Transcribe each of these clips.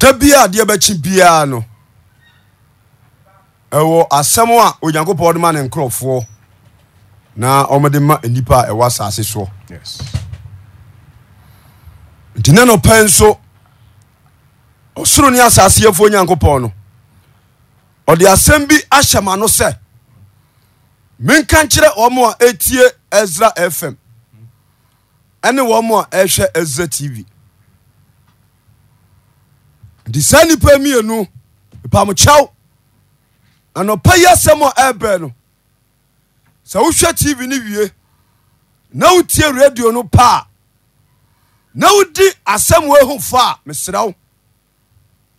da bia adeɛ bɛkyi biara no ɛwɔ asɛm a onyankopɔn de ma ne nkurɔfoɔ na ɔmode ma nnipa a ɛwɔ asase soɔ nti na nɔpɛ nso ɔsoro ne asase yɛfoɔ nyankopɔn no ɔde asɛm bi ahyɛ ma no sɛ menka nkyerɛ wɔn a ɛtie ɛsra fm ɛne wɔn a ɛhwɛ ɛsra tv nti saa nnipa mienu pamo kyɛw anɔɔpa yi asɛm wɔ ɛbɛ no sɛ wohwɛ tv no wie na wotie radio no paa na wodi asɛm wɔ ɛhu fɔ a meserɛ wo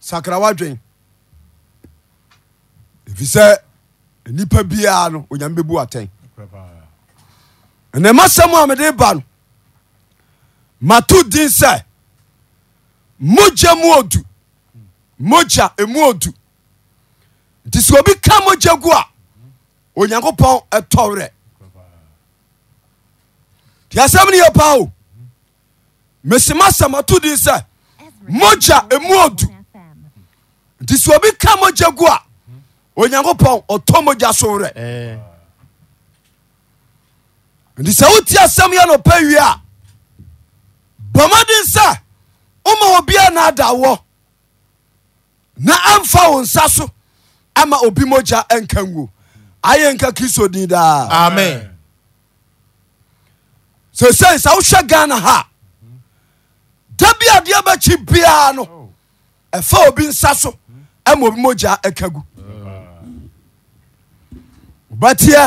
sakraw'adwen ɛfirsɛ nnipa biaa no onyame bɛbu atɛn ɛnmasɛm a mede ba no mato din sɛ mogye mu ɔdu a mu nti sɛ obi ka moga gu a onyankopɔn ɛtɔwerɛ ti asɛm no yɔpa o mesimasa mato din sɛ moya muod nti sɛ obi ka mogya gu a onyankopɔn ɔtɔ mogya sowrɛ nti sɛ woti asɛm yɛnɔpɛ wie a bɔmaden sɛ woma wɔbiaa na adawɔ na ɛmfa wo nsa so ama obi mogya ɛnka nguo ayɛ nka kristo din daa amen seesei sɛ wohwɛ ghana ha da bi adeɛ bɛkyi biara no ɛfa obi nsa so ɛma obi mogya ɛka gu wobɛteɛ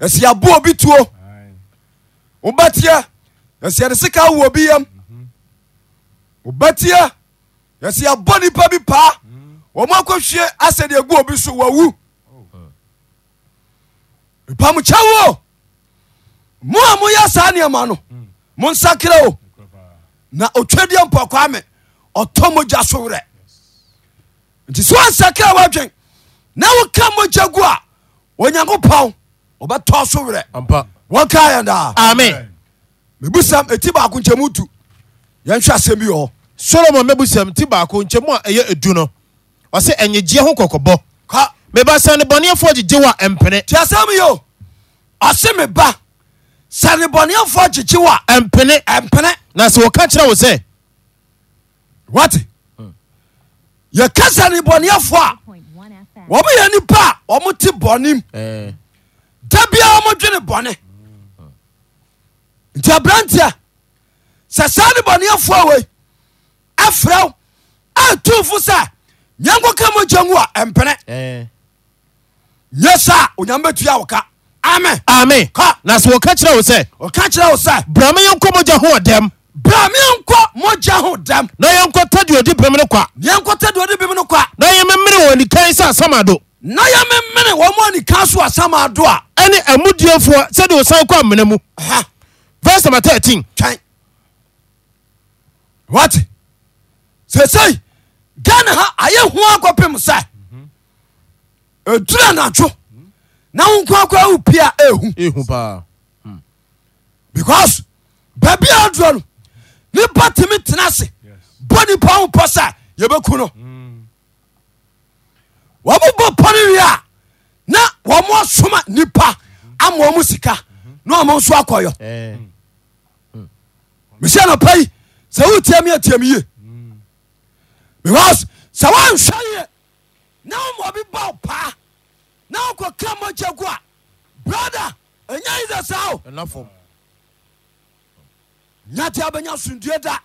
ɛsi aboa obi tuo wobɛteɛ ɛsi ɛde sika wo obi yam wobɛteɛ ɛsi abɔ nipa bi paa wɔma akɔhwie asɛde agu obi so wawu mpamkyɛ woo mo a moyɛ saa nneɛma no monsakra o na otwadiɛ mpɔkwaa me ɔtɔ mogya so werɛ nti sɛ wansakra woadwen na woka mogya gu a onyankopɔn ɔbɛtɔ so werɛ wɔka yɛdaa amen mebusam ɛti baako nkyɛmu tu yɛnhwɛ asɛm bi wɔ hɔ solomon mɛbusam ti baako nkyɛmu a ɛyɛ edu no ɔsɛ ɛnyɛgyeɛ ho kɔkɔbɔ meba sane bɔneɛfoɔ gyegye wo a ɛmpene nti asɛm yo ɔse me ba sane bɔneɛfoɔ gyegye wo a ɛmpene ɛmpene na sɛ wɔka kyerɛ wo sɛ wat hmm. yɛka sane bɔneɛfoɔ a wɔmo yɛ nipa a ɔmo te bɔnem eh. da biara modwene bɔne nti aberanteɛ sɛ saa ne wei ɛfrɛ atumfo sɛ nyanko ka mogya ngu a ɛmpene nyɛ eh. saa onyame amen ame ka na sɛ wɔka kyerɛ wo sɛ ɔka kyerɛ wo sɛ bra ma yɛnkɔ mogya ho ɔdɛm bra meɛnkɔ mogya ho dɛm na yɛnkɔ tadu odi bem no kwa yɛnkɔ tadu odi bem no kwa na yɛmemene wɔ nikan sɛ asamado na yɛmemene wɔ mo anika so asamado a ɛne amudiefoɔ sɛdeɛ ɔsan kɔ amena mu vers nm 13 twɛn wat sesei ghana ha ayɛ ho akɔpem sɛ ɛdura anadwo na wo nko akɔ awo pia ɛhu because baabi a aduro no nipa tumi tena ase bɔ nipa ho pɔ sɛ yɛbɛku no wɔmobɔ pɔne wie a na wɔmo asoma nipa ama ɔmo sika na ɔmo nso akɔyɔ mehyɛ nɔpa yi sɛ wotia mi atiam yie because sɛ woanhwɛ yɛ na mmɔbi bɔ paa na wokɔkra mɔgya gu a brother ɛnya yi sɛ saa o nyate abɛnya asomdue da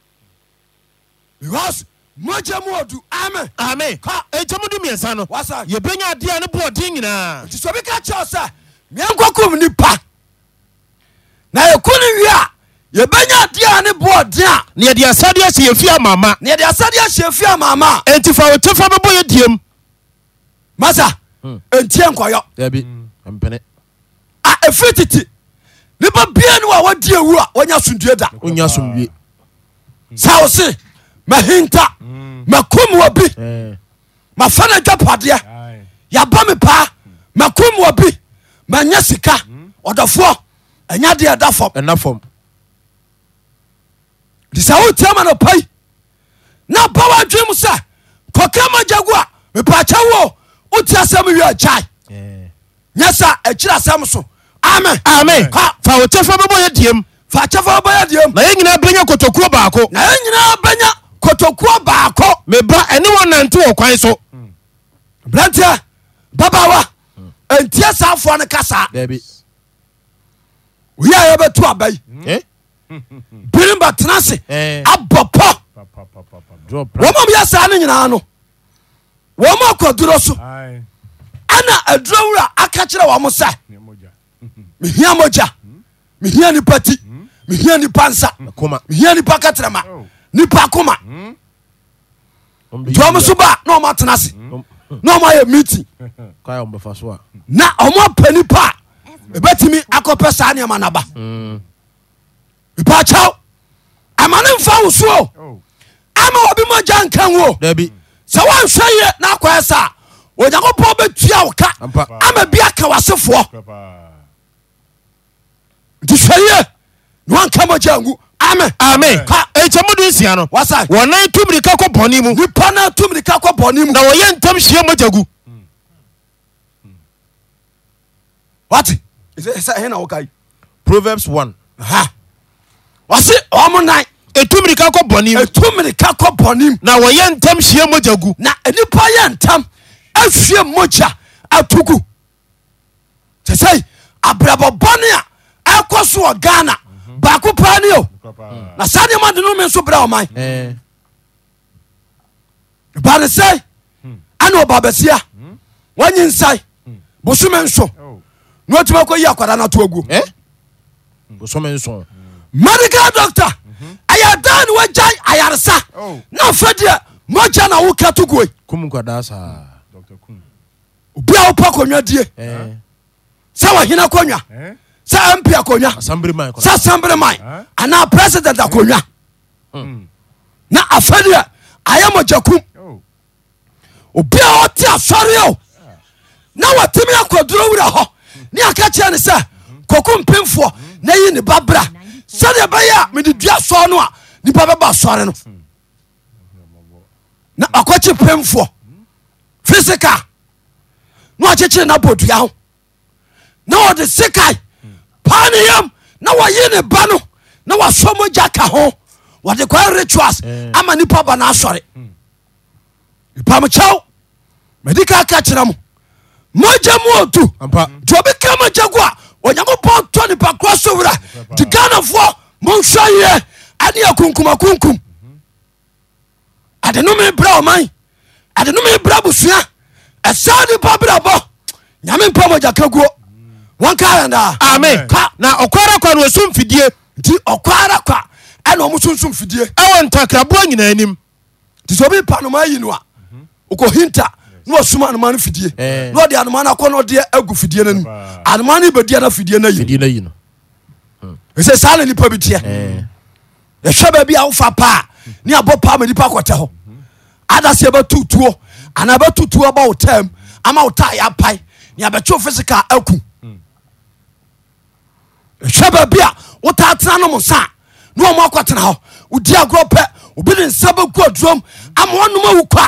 because mɔgya mu ɔdu amen amen ka ɛnkyɛ mudu mmiɛnsa no wasa yɛbɛnya adeɛ a ne boɔden nyinaa nti sɛ obi ka kyerɛw sɛ meɛnkɔkom nipa na yɛku no wie yɛbɛnya adeɛ a ne boɔ den a na yɛde asadeɛ ahyɛ yɛfie amaama na yɛde asadeɛ ahyɛ yɛfie amaama enti fa wo tefa bɛbɔ yɛ diem masa ɛntie hmm. nkɔyɔ dabi mpene a ɛfiri tete nipa bia ne wa wadi awu a wanya asomdue da wonya asomwie sa wo mahinta makom wɔ bi eh. mafa no adwa padeɛ yɛaba paa makom wɔ bi manya sika hmm. ɔdɔfoɔ ɛnya deɛ ɛda fam ɛna fam nti sɛ wotiama no pai na bawa wa mu sɛ kɔkra ma gya gu a mepaakyɛ wo woti asɛm wie agyae nyɛ sa akyiri asɛm so amen amen fa wo kyɛfa bɛbɔyɛ diem fa kyɛfa bɛbɔyɛ diem na yɛ nyinaa bɛnya kotokuo baako na yɛ nyinaa bɛnya kotokuo baako meba ɛne wɔ nante wɔ kwan so beranteɛ babawa mm. ɛntie saafoɔ no kasaa oyi a yɛbɛtu abai birim bɛtena se eh. abɔ pɔ wɔma biyɛ saa ne nyinaa no wɔma akwaduro so ana aduro wura aka kyerɛ wɔ mo sɛ mihia mogya mehia nipa ti mihia nipa nsa mehia nipa katrama oh. nipa koma hmm? nti ɔmo so ba na ɔmo atena se hmm? hmm. na ɔmo ayɛ meeting na ɔmo apɛ nipa a ɛbɛtumi akɔpɛ saa nneɛma naba ipaakyɛw ama ne mfa wo soo oh. ama obi mɔgya nka wo sɛ woanhwɛ ye na akɔɛ saa onyankopɔn bɛtua wo ka ama bi aka wasefoɔ nti hwɛ ye na wanka mɔgya ngu amen amen ka ɛkyɛ mu de nsia no wasa wɔnan tumirika kɔ bɔne mu nipa na tumirika kɔ bɔne mu na wɔyɛ ntam hyia mɔgya gu what ɛsɛ ɛhɛ na wokai proverbs 1 ha wasi ɔmo nan ɛtu mirika kɔ bɔnem ɛtu kɔ bɔnem na wɔyɛ ntam hyia mogya gu na nnipa yɛ ntam ahwie mogya ato gu sɛ sɛi ɛkɔ so wɔ ghana mhm. baako paa ne o na saa nneɛma de no me nso brɛ ɔman eh. bane sɛi hmm. ana ɔbaabasia hmm. wɔnyi nsae hmm. bosome nso oh. na watumi akɔ yi akwada no ato eh? bosome nso marika dɔcta ayardaa no wɔagya ayaresa na afɛdeɛ mɔya nawoka tokoe obiaw pa konwa die sɛ wɔahena konwa sɛ mpi aknasɛasambrema anaa president akna n afɛdeɛ ayɛ mɔya kum obiao te asɔreo na wɔtemi akdorɔwera hɔ ne aka kyerɛ ne sɛ kko pefoɔ n yinebabra sɛdeɛ ɛbɛyɛ a mede dua sɔ no a nipa bɛba sɔre no na akɔkye pemfoɔ fisika na ɔkyekyere nabɔ dua ho na ɔde sikae paa yam na wɔye ne ba no na wasɔ mɔgya ka ho wɔde kɔɛ rituals ama nipa ba naasɔre ipamkyɛw madi ka ka kyerɛ mo mogya mu ɔtu nti obi ka onyankopɔn tɔ nipa korɔ so wera nti ghanafoɔ monhwɛ yɛ ane yɛ kunkumakunkum adenome bra ɔman adenome bra busua ɛsaa nipa brabɔ nyame mpa mɔgyaka guo wɔnkaɛndaa ame na ɔkwara kwa no ɔso mfidie nti ɔkwara kwa ɛna ɔmo sonsom fidie ɛwɔ ntakraboa nyinaa anim nti sɛ obi pa noma yi no a wokɔhinta ne wasum anoma no fidie ne ɔde anoma no akɔ no ɔdeɛ agu fidie no anim anoma no bɛdia no fidie no ayi ɛsɛ saa na nipa bi teɛ yɛhwɛ baabi a wofa paa ne abɔ paa ma nipa akɔtɛ hɔ adase yɛbɛtotuo anaa bɛtotuo ba wo tam ama wo taa yɛapae ne abɛkyew physical aku ɛhwɛ baabi a wotaa tena nom nsa ne ɔmo akɔtena hɔ wodi agorɔ pɛ obi de nsa bɛgu adurom ama ɔnom awu kwa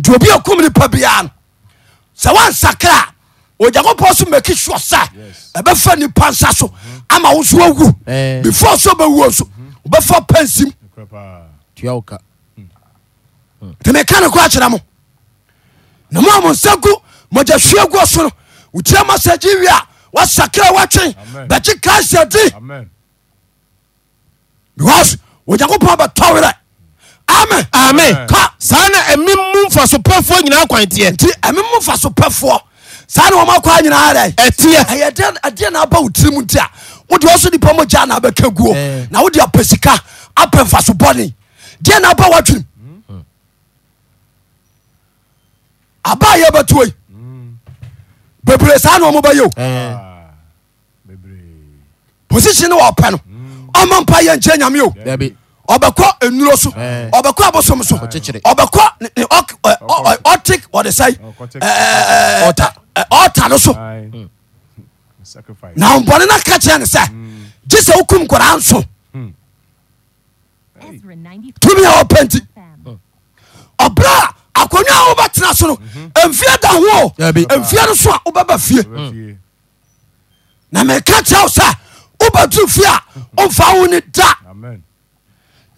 nti obi akum nipa biara no sɛ wansakra a onyankopɔn so maki sure sɛ ɛbɛfa nipa nsa so ama wo so awu eh. before so bɛwuo so wobɛfa pa nsim hmm. hmm. nti meka ne kora kyerɛ mo na mo a mo nsa gu mogya hwea guo so no wotia masagye wie a woasakra woatwen bɛkye christ adi because onyankopɔn bɛtɔwerɛ amen. amen. ka saa na ɛmi mu nfasopɛfoɔ nyinaa kwan teɛ. nti ɛmi mu nfasopɛfoɔ saa na wɔn akɔ nyinaa dɛ. ɛteɛ. ɛyɛ den ɛdeɛ na aba wo tiri mu nti wodi ɔso nipa mo gya na abɛka guo na wodi apɛ sika apɛ nfasobɔni deɛ na aba watwiri aba yɛ bɛtuo yi bebree saa na wɔn bɛyɛ o position wɔ ɔpɛ no ɔmɔ mpa yɛ nkyɛn nyame o ɔbɛkɔ enuro so ɔbɛkɔ eh. abosom so ɔbɛkɔ ne ɔtik eh, eh, ɔde oh, no so hmm. na bɔne no ka kyerɛ ne sɛ gye sɛ nso hmm. Hmm. tumi a wɔpɛ nti ɔbrɛ a akonnwa a so no mhm. mfie da ho mfie no so a wobɛba fie na meka kyerɛ wo sɛ wobɛduru fie a ɔmfa wo ne da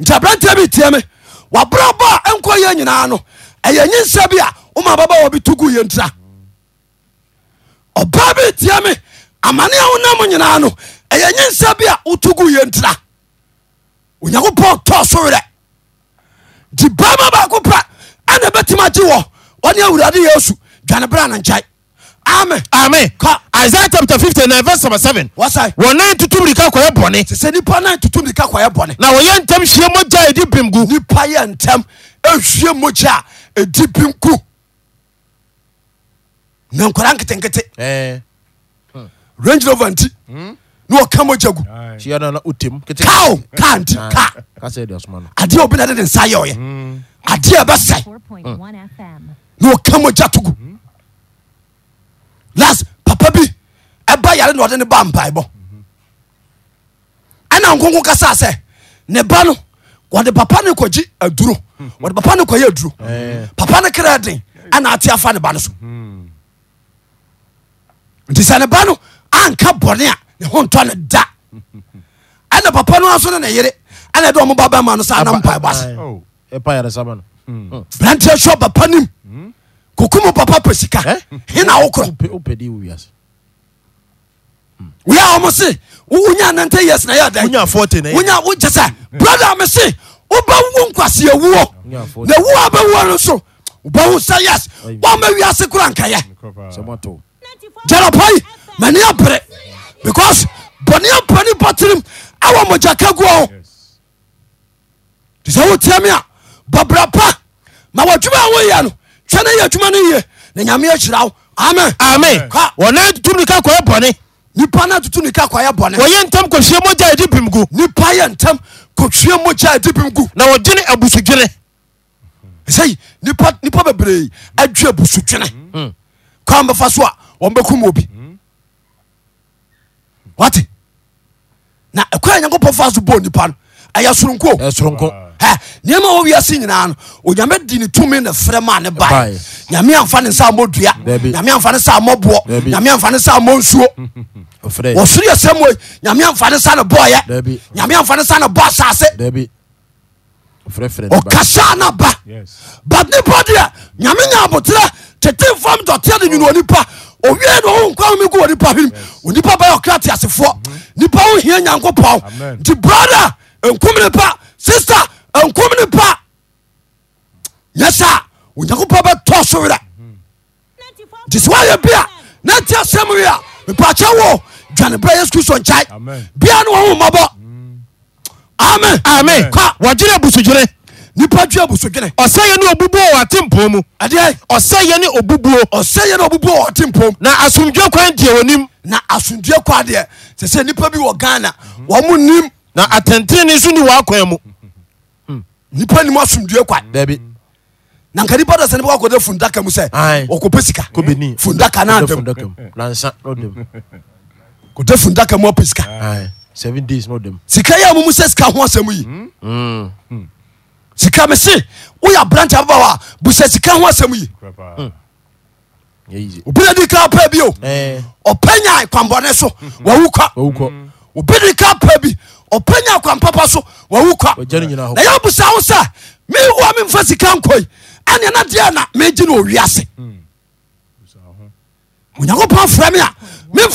nkɛabera ntaɛ birtiɛ me wobrɛ baa ɛnkɔ yɛ nyinaa no ɛyɛ nyensɛ bi a woma baba wɔbi toku yimntra ɔba bitiɛ me amane awonam nyinaa no ɛyɛ nyensɛ bi a wotogo yimntira onyankopɔn tɔ sorerɛ nti ba ma baako pra ɛna bɛtimgye wɔ wane awurade ya su dwane bera nonkye amen. amen. isaiah chapter fifty nine verse number seven. wọ́sà. wọ́n nan tutu mirika kọ̀yẹ́ bọ̀nẹ́. sise nipa nan tutu mirika kọ̀yẹ́ bọ̀nẹ́. na wọ́n yẹ ntẹ́m ṣe mọ́jà èdí bimgu. nipa yẹ ntẹ́m ṣe mọ́jà èdí bimgu. na nkwadaa nketenkete. Eh. Hmm. range rover nti. Hmm? ní ọ̀ka mọ́jà gu. ṣiyá náà na otem. káà o káà nti ah, káà. kásá èdè ọ̀sùnmọ́ náà. adeɛ obi na de ne nsa yɛ ɔyɛ. adeɛ ɛbɛ sɛ. ní ọ̀ka mọ́jà tugu. Mm las papa bi ɛba yare na ɔde ne ba mpa mpaebɔ ɛna nkonko kasa sɛ ne ba no wɔde papa no kɔgye aduro wɔde papa no kɔyɛ aduro papa no kra den ana ate afa ne ba no so nti sɛ ne ba no anka bɔne a ne ho ntɔ no da ɛna papa no aso ne ne yere ɛna ɛde ɔmo ba bɛma no sɛ ana mpaebɔ ase brantiɛ sɛ papa nim kokum papa pɛ sika hena wokorɔ wia ɔmo se wonya nante years na yɛdɛwokyɛ sɛ brother me se wobɛwo nkwase awuo na wuo a bɛwuo no nso wobɛwo sɛ yes woama wiase kora nkɛyɛ gyarapɔi mane apere because bɔne apane bɔterem awɔ mogyaka guo ho nti sɛ wotia me a bɔbra pa ma wɔdwuma a woyɛ no sɛ ne yɛ adwuma no ye na nyame ahyira wo amen amen Ka. wɔna tutu nika kɔyɛ bɔne nipa na atutu nika kɔyɛ bɔne wɔyɛ ntam kɔhyia mogya ɛdi bim gu nipa yɛ ntam kɔhwie mogya ɛdi bim gu na wɔgyene abusudwene sɛi nipa nipa bebree adwe abusudwene kwan bɛfa so a wɔn bɛkum obi wate na ɛkwan a nyankopɔn fa so bɔɔ nipa no ɛyɛ soronko ɛyɛ soronko neɛma wo wise nyina no ɔnyame di ne tumi ne frɛ mane ba yame mfa ne samdaa mfane safssuoreykpbrnkm sister nkom ne pa yɛsa onyankopɔn bɛtɔ so werɛ nti sɛ woayɛ bia na nti asɛm wie a mepakyɛ wo dwane bra yesu kristo nkyae bia ne wɔhommɔbɔ amen amen ka wɔgyere abusudwene nipa dwe abusudwene ɔsɛ yɛ ne obubuo wɔ atempɔ mu ɛdeɛ ɔsɛ yɛ ne obubuo ɔsɛ yɛ ne obubuo wɔ atempɔ mu na asomdwe kwan deɛ wɔnim na asomdwe kwa deɛ sɛ sɛ nipa bi wɔ ghana wɔmo nim na atɛntene nso ni wɔ akwan mu yipa nim asomd ka nakani fundakams kɛ skafdkamksika yɛmu sɛ sikahosɛmy sika mese woya brantabba sɛ sika hosɛm yi obinede ka pɛa bio eh. ɔpɛya kwamɔne so hmm. awokaobde kapɛabi ɔpa nya akwa papa so wwo kaayɛbusa ho sɛ mewoa memfa sika nkoi ane na deɛ na megyine ɔwiaseonyankopɔn hmm. fma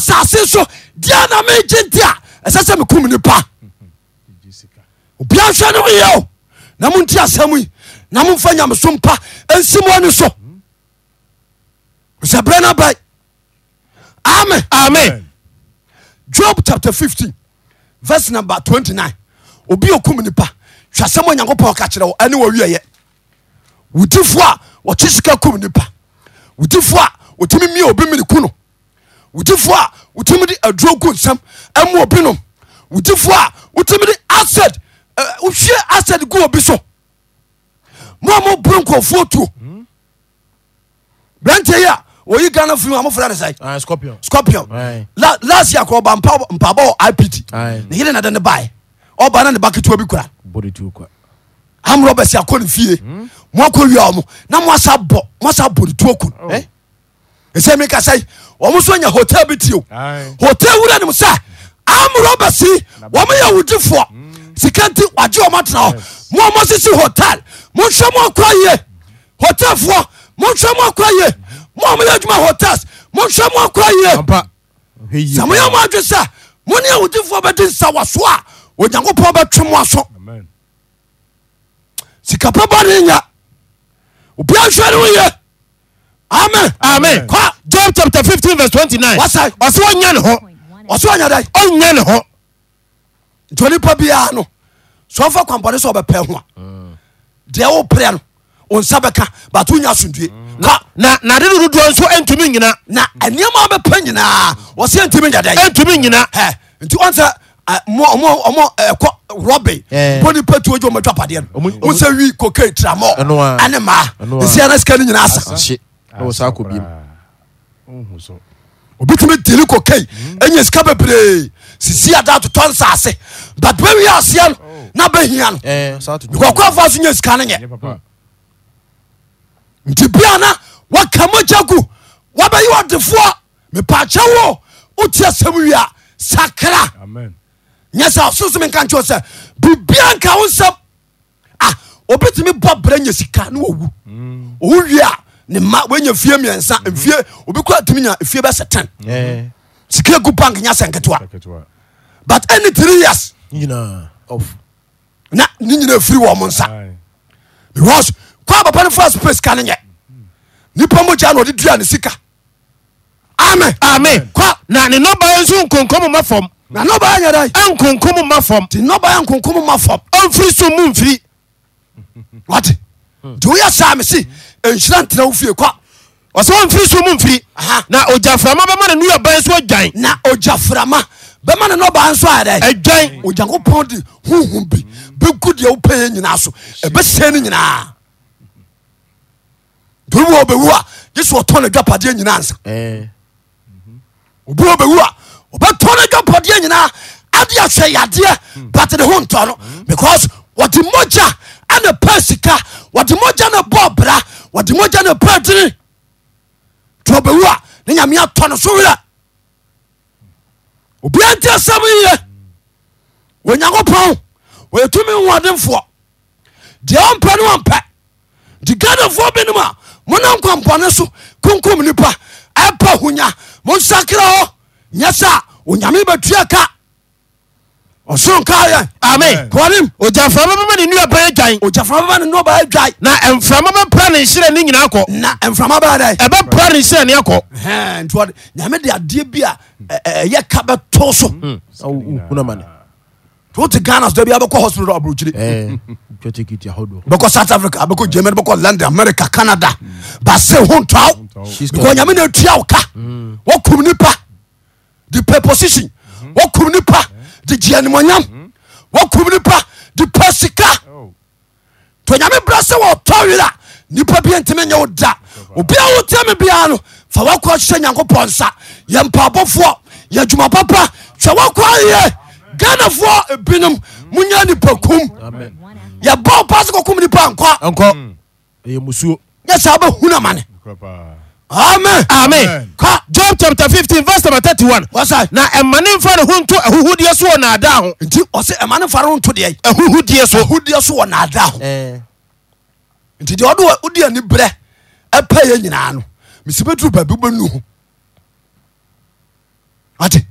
sanne saesɛnaɛsɛɛna a wɛ hmm. hmm. noɛn sɛ berɛ nobai am a job chapter fifteen, verse number twenty nine. obi okum nipa hwɛ sɛm onyankopɔn ka kyerɛ wo ɛne wɔwieyɛ wodifoɔ a wɔkye sika kum nipa wodifoɔ a mi mia obi mene ku no wotifoɔ a wotumi de aduro ku nsɛm ɛmu obi nom wotifoɔ a wotumi de acid wohwie acid gu obi so mo a moboro nkurɔfoɔ tuo berante yi a oyi ghana firi mu amofra ne sɛ scorpion scorpion last year kɔ ɔba mpabɔ ipt ne yere nade ne bae ɔba na ne ba ketewa bi kora amorɔ bɛsi akɔ ne fie moakɔ wia ɔmo na moasa bɔ moasa bɔ ne tuo kun ɛsɛ meka sɛ ɔmo so anya hotel bi tio hotel wura nem sɛ amorɔ bɛsi wɔmo yɛ wodifoɔ sika nti wagye ɔmo atena hɔ mo ɔmo sisi hotel monhwɛ mo akɔ yie hotelfoɔ monhwɛ mo akɔ yie moamoyɛ adwuma hotes mohwɛmoakoraye sɛ moyɛ moadwe sɛ monea wogyifoɔ bɛde nsa woso a onyankopɔn bɛtwe mo aso sikapa banenya biahwɛ neyes ntɛ nipa biaa no sɛ ɔf kwapɔne sɛ ɔbɛpɛ ho a mm. deɛ woprɛɛ no onsa ɛkabaonya asoe na nade no dodoɔ nso antumi nyina na nneɛma wobɛpɛ nyinaa wɔsɛ antumi nyadɛ antumi nyina nti ɔn sɛ ɔmɔ ɛkɔ rɔbe bɔne pa tuo gye ɔmatwa padeɛ no wo sɛ wi kokai tramɔ ɛne maa ɛsia na sika no nyinaa sa obitumi dili kokai ɛnya sika bebree sisi ada totɔ nsaase but bɛwie aseɛ no oh. na bɛhia no nkɔkɔafoɔ so nya sika no nyɛ nti biana wakama caku wabɛyo odefoo mepa ache oteasɛm wiea sakra yssoso meka s bbia ka wonsɛm ah, obe temi bbra ya sika n w ie ne ma ya fie msfise te skb yasketewa but nytyes n ne nyina firi wmo nsas pa papa no fa sope sika no yɛ nipa mogya na ɔde dua ne sika amen amen kɔ na ne nnɔbaeɛ nso mu ma fam na nnɔbaeɛ nyɛ dɛ ankonkom ma fam nti nnɔbaeɛ ankonkom ma fam ɔmfiri so mu mfiri wate nti woyɛ saa me se nhyira ntena wo fie kɔ ɔsɛ wɔmfiri so mu mfiri na ogyaframa bɛma ne nuyɛbae so agyan na ogyaframa bɛma ne nɔbaeɛ nso ayɛ dɛ agyan onyankopɔn de honhom bi bɛgu deɛ wopɛɛ nyinaa so ɛbɛsɛe ni nyinaa stɔdwapdeɛyinasɔdwpdeɛyina dehɛ adeɛ butehon datɔ sower ianti sɛm nyankopɔ ɛtumi wdefoɔ dea mpɛ no mpɛ de gadefoɔ binoma mona nkwampɔne so konkom nipa ho nya monsakra hɔ nyɛ sa onyame bɛtua ka ɔsoronkayɛ ame ogyaframa ne dwan ogyaframa ne dwan na bɛpra ne nhyerɛ ne nyinaa kɔ na bɛyɛ dɛ ɛbɛpra ne nhyerɛ ne akɔ nti nyame de adeɛ bi a ɛyɛ ka bɛto so hmm. wote ghana so da bi abɛkɔ hospital aburokyire bɛkɔ south africa bɛkɔ germany bɛkɔ london america canada base ho ntoaw because nyame na atua wo ka mm. wakum nipa de pɛ position mm-hmm. wakum nipa de gyea nimonyam mm-hmm. wakum nipa de pɛ sika oh. to nyame bra sɛ wɔtɔ werɛ a nipa bia ntimi nyɛ wo da obia wo tia me biara no fa wakɔ hyehyɛ nyankopɔn nsa yɛ mpabɔfoɔ yɛ adwuma papa hwɛ wakɔ ye? ghanafoɔ ebinom munya nipa kum yɛbɔ pa se kɔkum nipa nkɔ mm. yɛ saa bɛhunu amane amen amen ka job chapter fifteen verse number thirty one wasa na ɛmane nfa ne ho nto ahuhudeɛ so wɔ naadaa ho nti ɔsɛ ɛmane nfa ne ho nto deɛ ahuhudeɛ so ahuhudeɛ so wɔ naadaa ho nti deɛ ɔde ɔde ani brɛ ɛpɛ yɛ nyinaa no mesi bɛduru baabi bɛnu ho ate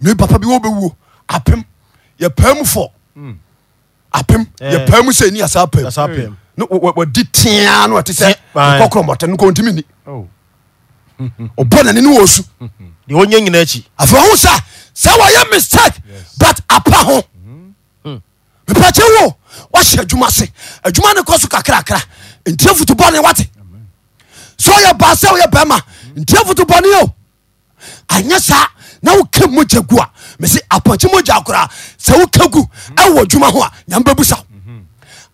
ne papa bi wɔ bɛwuo apem yɛpaa mu fɔ mm. apem eh. yɛpaa mu sɛ ni yasa apam wɔdi tea no ɛte sɛ kɔkorɔmɔtɛ no kɔntimi ni oh. ɔbɔ nani ne wɔ su mm-hmm. deɛ ɔnyɛ nyina akyi afei ɔho sa sɛ wɔyɛ mistake but apa ho mm-hmm. mm. mepɛkyɛ wo wahyɛ adwuma se adwuma ne kɔ so kakrakra ntia foto bɔne wate sɛ ɔyɛ baa sɛ woyɛ bɛma ntia foto bɔne o anyɛ saa na woka mogya gu a mese apɔnkye mogya koraa sɛ woka gu ɛwɔ dwuma ho a nyame bɛbu saw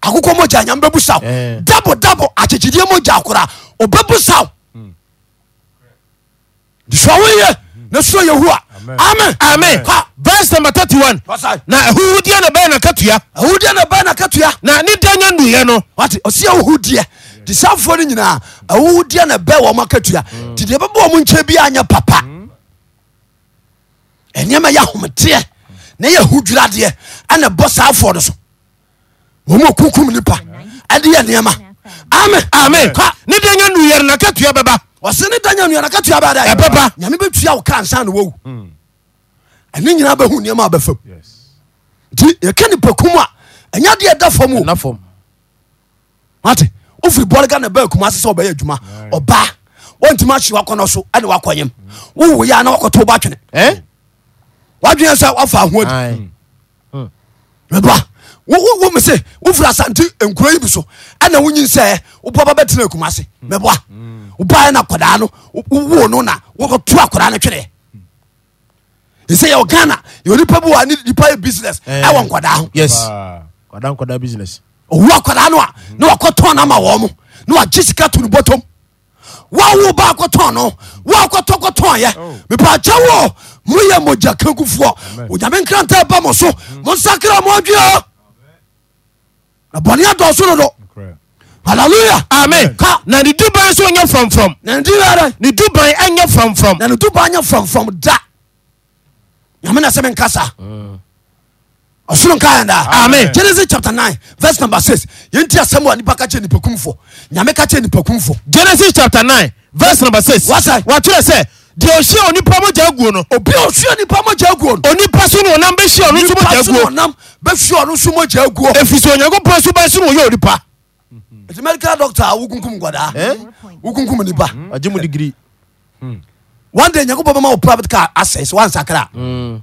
akokɔ mogya nyame bɛbu saw eh. dabo dabo akyekyedeɛ mogya koraa ɔbɛbu saw desua woyɛ na suro yehowa amen amen verse number thirty one na na bɛyɛ na bɛyɛ na ne da nya nnuiɛ no ɔsi nyinaa na bɛyɛ wɔn wɔn nkyɛn bi papa. Hmm. ɛneɛma yɛ ahometeɛ na yɛ hodwiradeɛ ɛne bɔ saa foɔ no so wɔma kukum nipa ɛde yɛ nneɛma ame ame ne da nya nuyɛre na katua bɛba ɔse ne da nya nuyɛre na katua bɛda ɛbɛba nyame bɛtua wo kra nsa na wɔwu ɛne nyinaa bɛhu nneɛma a bɛfam nti yɛka nipa kum a ɛnya deɛ da fam o mate wofiri bɔlega na baa kum ase sɛ ɔbɛyɛ adwuma ɔbaa wontimi ahye wakɔ so ɛne wakɔ yem na wakɔto wo ba twene wadwene sɛ wafa ahoadi hmm. meba wome se wofiri asante nkura yi bi so ɛna wonyin sɛ wobaba bɛtena akuma ase meboa hmm. wobaɛ na kɔdaa no wowo no na wokɔto akɔdaa no twerɛ ɛsɛ hmm. yɛwɔ ghana yɛwɔ nipa bi wɔ ne nipa yɛ business eh. ɛwɔ nkɔdaa ho yes ɔwu akɔdaa no a na wakɔtɔn no ama wɔ mo na wagye sika to no bɔtɔm wawo ba kɔtɔn no wakɔtɔ kɔtɔnyɛ oh. mepaakyɛ wo moyɛ mogya kankufoɔ onyame nkranta ba mo so mm. monsakra moadwea na bɔne adɔ so dodo hallelujah amen ka na ne duban so nyɛ frɔmfrɔm na ne duban dɛ ne duban anyɛ frɔmfrɔm na ne duban nyɛ frɔmfrɔm da nyame na sɛ menkasa uh ɔsoro nka yɛndaa genesis chapter nine, verse number six. 6 yɛnti asɛm a nipa ka kyerɛ nipakumfoɔ nyame ka kyerɛ nipakumfoɔ genesis chapter nine, verse number six. 6 wasae watwerɛ sɛ deɛ ɔhyia onipa mogya aguo no obi ɔhyia onipa mogya aguo no onipa so na ɔnam bɛhyia ɔno nso mogya aguo ɔnam bɛhyia ɔno nso mogya aguo ɛfiri sɛ onyankopɔn so bɛso na ɔyɛ onipa ɛti medical doctor a wokunkum gwadaa eh? wokunkum nipa agye mu degree one day nyankopɔn bɛma wo private car access wansakra mm.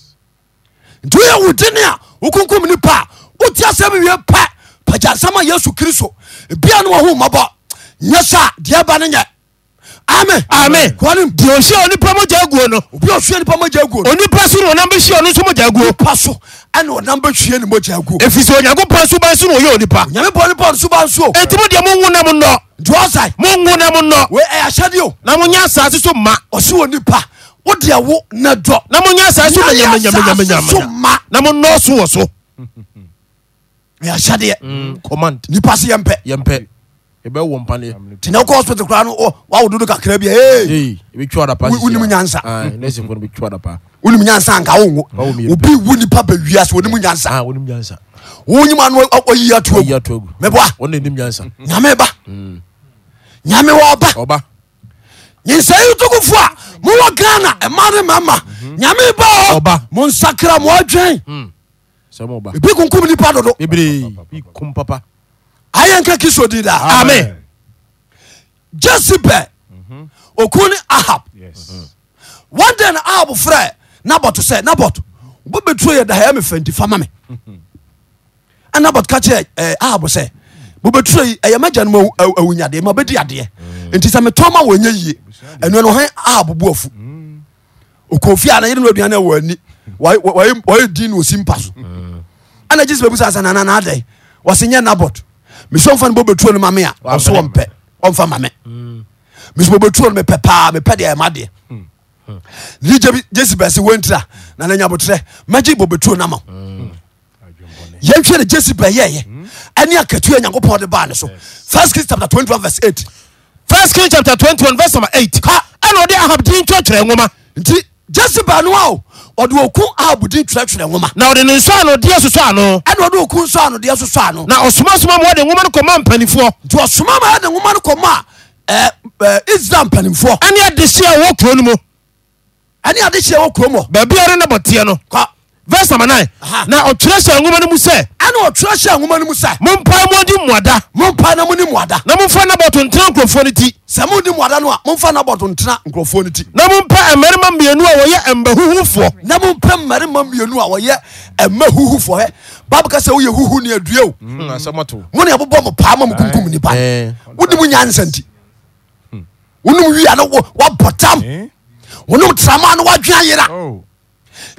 nti woyɛ wo dine a wokonkom ni pa a wote asɛm wie pɛ pagya nsɛm a yesu kristo bia no wɔho mmɔbɔ nyɛ sa deɛ ba no nyɛ ame ame kɔnim deɛ ɔhyɛ onipa mogya aguo no obi ɔsua nipa mogya aguo no onipa so na ɔnam bɛhyia ɔno nso mogya aguo nipa so ɛna ɔnam bɛhyia ne mogya aguo ɛfiri sɛ onyankopɔn suban so na ɔyɛ onipa nyame bɔ nipa ɔno suban so enti mo deɛ monwo nam nnɔ nti ɔsae monwo nam nnɔ ɛyɛ ahyɛdeɛ o na monyɛ asase so ma ɔse wɔ nipa wodeɛ wo na dɔ na monyɛ saa so manyamanyamanyamanyama na monɔɔso wɔ so yɛhyɛdeɛ mm, command nipa se yɛmpɛ yɛmpɛ yɛbɛwɔ mpaneɛ nti na wokɔ hospital koraa no wawododo kakra bi wonim nyansa wonim nyansa anka wonwo obi wo nipa bawia so wonim nyansa ah, wonyima no ɔyi atoagu meboa nyame ba mm. nyame wɔ ɔba nyinsɛi tokofo a mowɔ ghana ɛma ne mama nyame ba hmm. mo nsakra moadwen ebi kunkum nipa dodo ayɛ nka kristo din da amen jezebel mhm. oku ne ahab hmm. one day na ahab frɛ nabot sɛ nabot wobɛbɛtuo yɛ dahaya me fanti fama me mhm. nabot ka kyerɛ eh, ahab sɛ bobɛturo yi ɛyɛ eh, magya no mu awunyadeɛ ma eh, bɛdi adeɛ hmm. nti sɛ metɔ ma wɔnyɛ yie ɛno no ɔhe abobo afu mm. okofie ana yere no aduane wɔ ani wɔyɛ din no ɔsi mpa so mm. ɛna gye sɛ bɛbu sɛ asanana na wɔse nyɛ nabot mesɛ ɔmfa no bɔbɛtuo no ma me a ɔso wɔmpɛ ɔmfa ma me mm. mesɛ bɔbɛtuo no mepɛ paa mepɛ deɛ ɛma deɛ ne gyesi bɛse wɔntira na na nyabotrɛ mɛgye bɔbɛtuo nama ma yɛntwɛ ne gyesi bɛ yɛyɛ ɛne akatua nyankopɔn de baa ne so first christ chapter 21 verse 8 first king chapter twenty one verse number eight ɛna ɔde ahab din twɛtwerɛ nwoma nti jezebel no a o ɔde oku ahab din twɛtwerɛ nwoma na ɔde ne nsɔ ano deɛ soso ano ɛna ɔde oku nsɔ ano deɛ soso ano na ɔsomasoma ma ɔde nwoma no kɔma mpanimfoɔ nti ɔsoma ma ɔde nwoma no kɔma ɛɛ ɛɛ israel mpanimfoɔ ɛne adehyia wɔ kuro no mu ɛne adehyia wɔ kuro mu baabi a ɔre ne bɔteɛ no kɔ vs n na ɔtwerɛ hyɛ nwoma no mu sɛ ɛne ɔtwerɛ hyɛ nwoma no mu sɛ mompae mode mmuada mompa na mone mmuada na momfa no bɔtontena nkurɔfoɔ no ti sɛ mode mmuada no a momfa no bɔtontena nkurɔfoɔ no ti na mompa mmarima mmienu a wɔyɛ mma huhufoɔ na mompa mmarima mmienu a wɔyɛ ɛma huhufoɔ ɛ bible ka sɛ woyɛ huhu ne adua o mo mm, ne ɛbobɔ mo paa ma mo kunkum nnipa wode mo nyansa nti hmm. wonom wia no wabɔ tam eh? wonom trama no woadwea yera oh.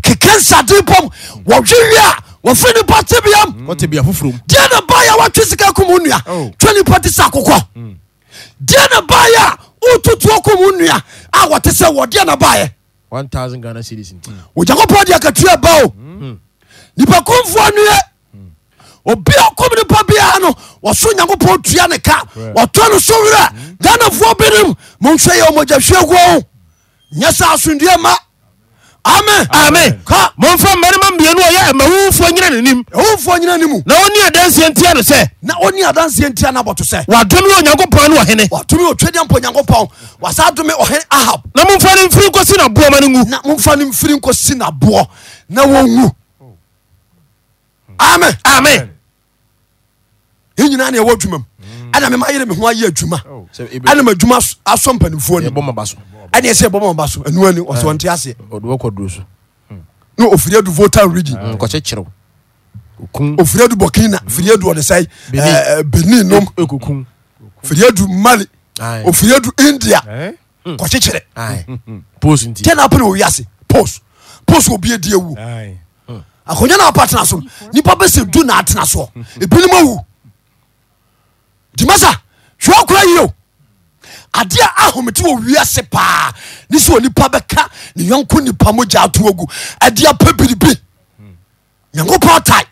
keke nsade bom wɔhwewie a wɔfri nipa tebiam mm. deɛ ne bayɛ woatwe sika kom nnua oh. twa nipa te sɛ akokɔ mm. deɛ ne bayɛ a wototoɔ kom nnua a wɔte sɛ wɔdeɛ ne bayɛ onyankopɔn de akatua ba o mm. nipa komfoɔ nnue obi kom nipa biara no wɔso nyankopɔn tua ne ka wɔtɔ no so werɛ ghanafoɔ binom monhwɛ yɛ ɔmɔgyahwɛ guo nyɛ sɛ asomdua ma momfa mmarima mmienu ɔyɛ mawomfoɔ nyina nanim ɛwomfoɔ nyina ne mu na ɔni adanseɛ ntia no sɛ na ɔni adanseɛ ntia no abɔto sɛ wadome ɔhene ɔhene ahab na momfa no ma na momfa no mfiri na wɔngu amen amen nyinaa ɛwɔ mu mm. ɛna ho ayɛ oh. ɛna asɔ mpanimfoɔ ɛne ɛsɛ bɔma ɔba so ɛnu ani ɔsɛ ɔnte aseɛ ɔde wɔkɔ duro so na ofiri adu votan regi nkɔkyekyerɛw ofiri adu burkina ofiri adu ɔde sɛ benin nom ofiri e-, adu mali ofiri adu india kɔkyekyere tiɛ na apene owi ase pos pos obi edi ewu akonya na apa tena so no nipa bɛsɛ du na atena soɔ ebinom awu dimasa hwɛ ɔkora yio adeɛ ahomete wɔ wiase paa ne sɛ onipa bɛka ne yɔnko nipa mogya to agu ɛdeɛ pa biribi hmm. nyankopɔn tae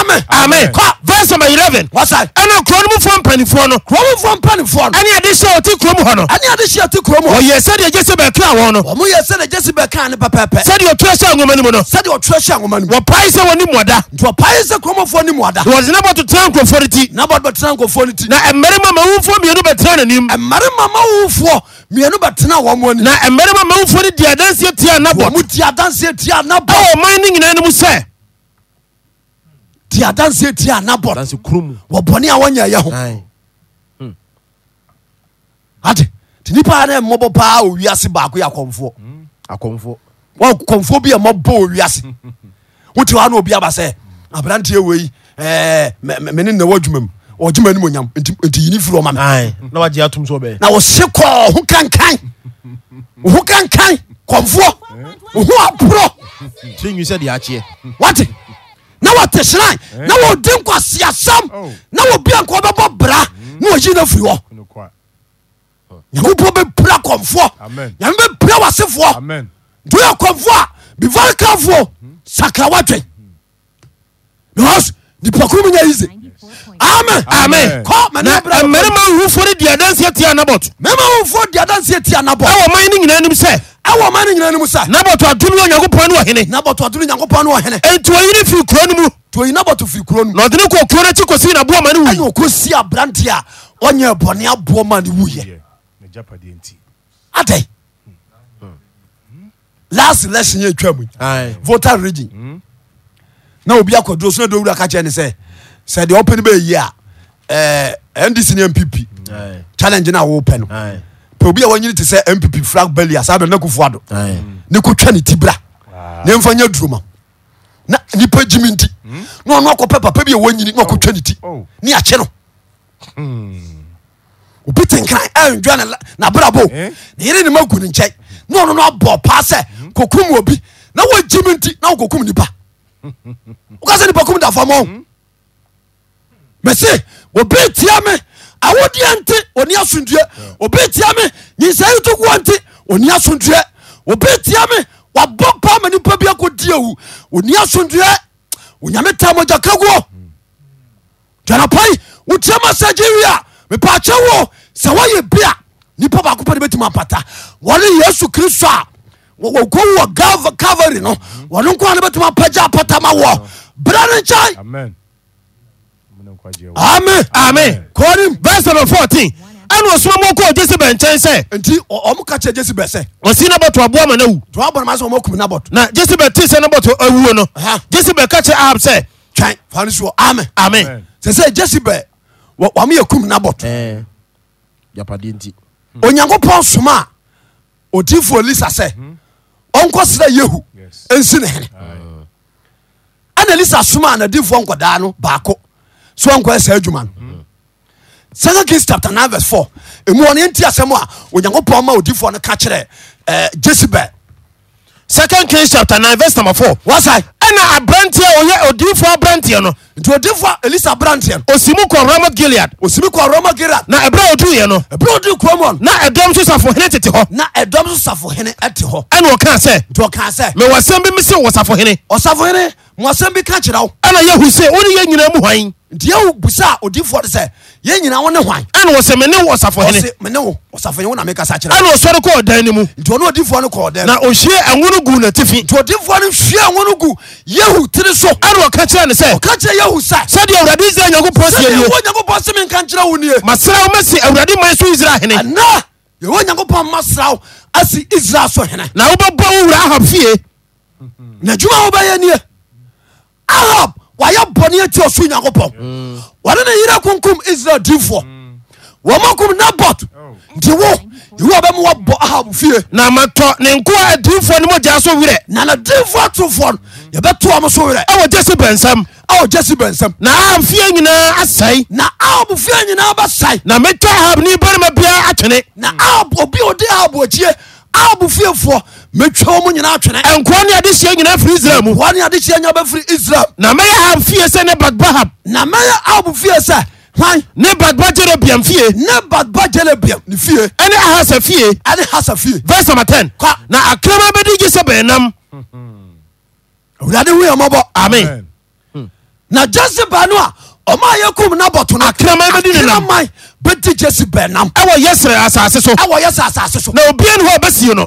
amen amen kɔ verse number eleven wasa ɛna kuro no mu fɔ mpanimfoɔ no kuro mu fɔ mpanimfoɔ no ɛni adi sɛ ɔti kuro mu hɔ no ɛni adi sɛ ɔti kuro mu hɔ ɔyɛ sɛdeɛ jesi bɛ kan wɔn no wɔn yɛ sɛdeɛ jesi bɛ kan ne pɛpɛpɛ sɛdeɛ ɔtura sɛ ɔngoma ni mu no sɛdeɛ ɔtura sɛ ɔngoma ni mu wɔpae sɛ wɔn ni mu ɔda wɔpae sɛ kuro mu fɔ ni mu ɔda wɔdi nabɔ to tena nkurɔfoɔ ne ti nabɔ bɛ tena nkurɔfoɔ ne ti na mmarima mawufoɔ mmienu bɛ tena n'anim mmarima mawufoɔ mmienu bɛ tena wɔn mu anim na mmarima mawufoɔ ne di adanseɛ tia nabɔ wɔn mu di adanseɛ tia nabɔ ɛwɔ ti adanse ti anabɔ wɔbɔne a wɔnyɛ yɛ ho hmm. ate nti nipa ne mmɔbɔ paa owiase baako yɛ akɔmfoɔ hmm. akɔmfoɔ wɔkɔmfoɔ bi a mmɔbɔ owiase wote wa na obi aba sɛ aberanteɛ wei eh, mene nnɛ wɔadwuma mu ɔgyema anim onyam nti yini firi ɔma me na wɔse kɔɔ ho kankan eh? ho kankan kɔmfoɔ ho aborɔ wate na wɔte sera eh. na wɔdi nkwaseasam oh. na wɔbia nka wɔbɛbɔ bra hmm. na wɔyi no afiri hɔ nyankopɔn bɛpira kɔmfoɔ nyame bɛpira wasefoɔ nti woyɛ kɔmfoɔ a before careful hmm. sakra wadwen because nipa mu nya easy amen Amen. na eh, mmarima hufoɔ no diadanseɛ tia nabɔt mmarima hufoɔ diadanseɛ tia nabɔt ɛwɔ ɔman no nyinaa anim sɛ ɛwɔ ɔman no nyinaa anim sɛ nabɔt adom ne onyankopɔn ne ɔhene nabɔt adom ne onyankopɔn ne ɔhene enti ɔyere firi kuro no mu toyi nabɔt firi kuro no mu na ɔde ne kɔ kuro no akyi kɔsii naboɔ ma no wu ɛne ɔkɔsi aberanteɛ a ɔnyɛ bɔne aboɔ ma no wuyɛ adɛn last election yɛ atwa mu voter region hmm? na obi akɔduro so na dɔwura ka kyerɛ ne sɛ sɛ deɛ wopɛ no bɛyi a ndc ne mpp challenge no a wopɛ no pɛ obi a wanyini te sɛ mpp flag belly a saa bɛ nakufo ado ne kɔtwa ne ti bra ah. ne mfa nya duroma na nipa gyimi nti hmm? na ɔno akɔpɛ papa bi a wanyini na ɔkɔtwa ne ti oh. ne akye no hmm. obi te nkran ɛndwa nabrabo eh? ne yere ne ma gu ne nkyɛn na ɔno no abɔ paa sɛ hmm? kokum obi na wagyimi nti na wokɔkum nipa wokasɛ nipa kum dafamɔ mese obi tia me awodeɛ nte oni asomdue obi tia me nyinsae tokoɔ nte oni asomdue obi tia me wabɔ pa ma nipa bi akɔdi awu oni asomdue onyame ta mo mogya kaguo wotia ma sɛ gyewi a mepaakyɛ wo sɛ woyɛ bi a nipa baako pɛ de bɛtumi pata wɔne yesu kristo a wɔkɔwu wɔ calvary no mm-hmm. wɔne nkoa ne bɛtumi apagya pata ma wɔ bra no nkyɛn amen amen kɔɔni verse number fourteen ɛna osuma mu kɔ jesibe nkyɛn sɛ. nti ɔmu ka kyerɛ jesibe sɛ. ɔsi nabɔtɔ aboa ma n'awu. tɔ abɔ ma sɛ ɔmu kum nabɔtɔ. na jesibe ti sɛ nabɔtɔ awuo no jesibe ka kyerɛ ahab sɛ. twɛn fani soɔ amen amen sɛsɛ jesibe wɔmu yɛ kum nabɔtɔ. yapadeɛ nti. Hmm. onyankopɔn soma a odiifo elisa sɛ hmm. ɔnkɔ sira yehu nsi ne hene ɛna elisa soma a nadiifoɔ nkɔdaa no baako so wankɔyɛ saa adwuma no sɛka kings chapter 9 vs 4 ɛmu ɔne nti asɛm a onyankopɔn ma odifoɔ no ka kyerɛ eh, jezebel second kings chapter 9 verse number 4 wasae ɛna aberanteɛ a ɔyɛ odiyifoɔ aberanteɛ no nti odiyifoɔ elisa aberanteɛ no Osimu kɔ rama gilead Osimu kɔ rama gilead na ɛberɛ a ɔduiɛ no ɛberɛ a ɔdui kurom hɔ no na ɛdɔm so safohene tete hɔ na ɛdɔm so safohene ɛte hɔ ɛna ɔkaa sɛ nti ɔkaa sɛ mewɔ asɛm bi mese wɔ safohene ɔsafohene wɔasɛm bi ka kyerɛ wo ɛna yɛhu sɛ wone yɛ nyinaa mu hwan nti yɛwo busa a odifoɔ de sɛ yɛn nyinaa wo ne hwan ɛna wɔsɛ mene wo ɔsafohene mene wo ɔsafohene wo na mekasa kyerɛ ɛna ɔsɔre kɔ ɔdan no mu nti ɔne odifoɔ no kɔ ɔdan na ɔhwie ɛwo no gu n'atifi nti odifoɔ no hwie ɛwo gu yehu tiri so ɛna ɔka kyerɛ ne sɛ ɔka kyerɛ yehu sɛ sɛdeɛ awurade israel nyankopɔn sɛ nie sɛdeɛ nyankopɔn se menka nkyerɛ wo nie masra wo mɛsi hene ɛna yɛwɔ nyankopɔn masra wo asi israel hene na wobɛbɔ wo wura ahab na adwuma wobɛyɛ nie Mm. Mm. Oh. ahab wayɛ bɔne ati ɔso nyankopɔn wɔne ne yerɛ konkom israel difoɔ wɔma kom nabot nti wo yehowa bɛma wɔbɔ ahab fie na matɔ ne nkoa adiyifoɔ no mɔgya so werɛ na nadiyifoɔ atofoɔ no yɛbɛtoa mo so werɛ ɛwɔ gyesi bɛnsɛm ɛwɔ gyesi bɛnsɛm na ahab fie nyinaa asɛe na ahab fie nyinaa bɛsae na mɛtɔ ahab ne barima biara atwene na ahab obi a ɔde ahab akyie ahab fiefoɔ metwa mu nyinaa twene nkoa ne adehyeɛ nyina firi israel mu wɔne adehyeɛ nya bɛfiri israel na mɛyɛ hab fie sɛ ne bakbahab na mɛyɛ ab fie sɛ hwan ne badba jerobiam fie ne badba jerobiam ne fie ɛne ahasa fie ɛne hasa fie verse number ten kwa na akrama bɛdi gye sɛ bɛɛnam awurade hu yɛmɔbɔ amen na jezebel no a ɔma yɛ kum na bɔto no akrama bɛdi ne nam bɛdi gye sɛ bɛɛnam ɛwɔ yɛsrɛ asase so ɛwɔ yɛsrɛ asase so na obiara ne hɔ bɛsie no